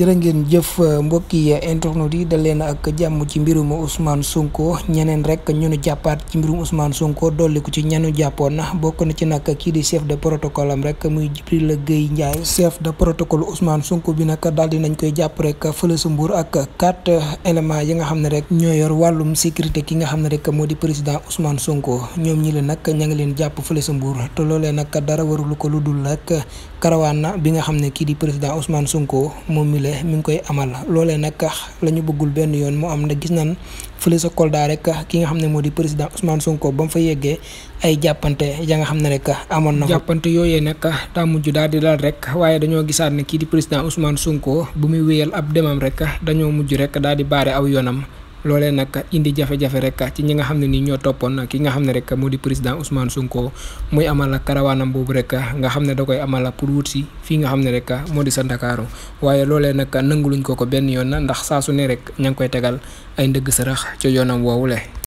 jërë ngeen jëf eh, mbokki eh, internet yi dal leen ak jàmm ci mbirum Ousmane Sonko ñeneen rek ñu nu jàppaat ci mbirum Ousmane Sonko dolli ko ci ñanu jàppoon bokk na ci nag di chef de protocole am rek muy Djibril Gueye Ndiaye chef de protocole Ousmane Sonko bi nag daal di nañ koy jàpp rek fële sa Mbuur ak quatre éléments yi nga xam rek ñoo yor wàllum sécurité ki nga xam rek moo di président Ousmane Sonko ñoom ñi la nag ña ngi leen jàpp fële sa Mbuur te loolee nag dara warulu ko lu dul rek bi nga xam ne di président Ousmane Sonko mi mu ngi koy amal loolee nag la ñu bëggul benn yoon mu am na gis nan fële sa Kolda rek ki nga xam ne moo di président Ousmane Sonko ba mu fa yeggee ay jàppante ja nga xam ne rek amoon na. jàppante yooyee nag daa mujj daal di daal rek waaye dañoo gisaat ne kii di président Ousmane Sonko bu muy wéyal ab demam rek dañoo mujj rek daal di baare aw yoonam. loolee nag indi jafe-jafe rek ci ñi nga xam ne nii ñoo toppoon ki nga xam ne rek moo di président Ousmane Sonko muy amal karawaanam boobu rek nga xam ne da koy amal pour wut si fii nga xam ne rek moo di sa Ndakaaru waaye loolee nag nanguluñ ko ko benn yoon ndax saa su ne rek ña ngi koy tegal ay ndëgg sarax ca yoonam woowule